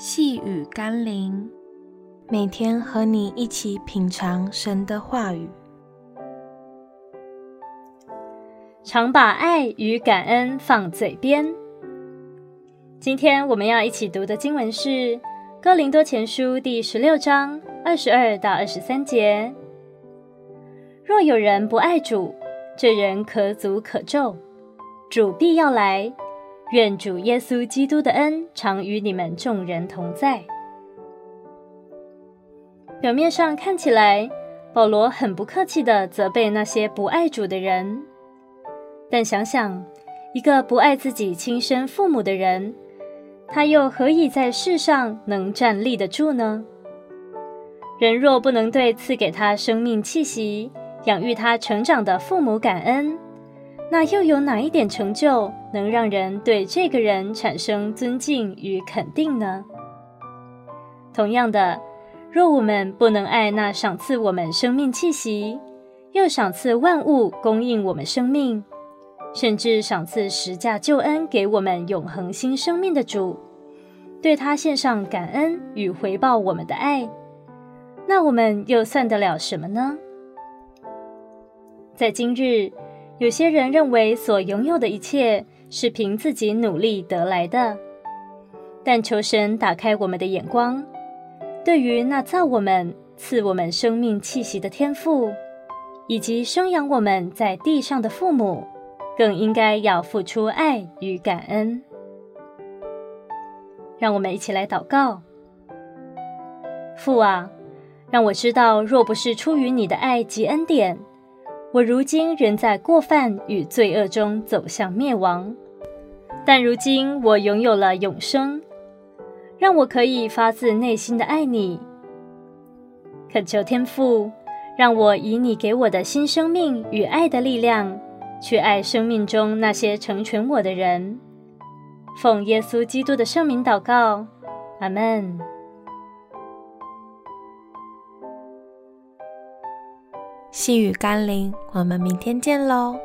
細語甘霖，每天和你一起品嚐神的話語，常把愛與感恩放嘴邊。今天我們要一起讀的經文是《哥林多前書》第十六章二十二到二十三節：“若有人不愛主，這人可詛可咒。主必要來。”願主耶穌基督的恩常與你們眾人同在。表面上看起來，保羅很不客氣地責備那些不愛主的人，但想想，一個不愛自己親生父母的人，他又何以在世上能站立得住呢？人若不能對賜給他生命氣息、養育他成長的父母感恩，那又有哪一點成就能讓人對這個人產生尊敬與肯定呢？同樣的，若我們不能愛那賞賜我們生命氣息，又賞賜萬物供應我們生命，甚至賞賜十架救恩給我們永恆新生命的主，對他獻上感恩與回報我們的愛，那我們又算得了什麼呢？在今日，有些人認為所擁有的一切，是憑自己努力得來的，但求神打開我們的眼光，對於那造我們、賜我們生命氣息的天父，以及生養我們在地上的父母，更應該要付出愛與感恩。讓我們一起來禱告：父啊，讓我知道，若不是出於你的愛及恩典。我如今仍在過犯與罪惡中走向滅亡，但如今我擁有了永生，讓我可以發自內心的愛你。懇求天父，讓我以你給我的新生命與愛的力量，去愛生命中那些成全我的人。奉耶穌基督的聖名禱告，阿們。細語甘霖，我們明天見嘍。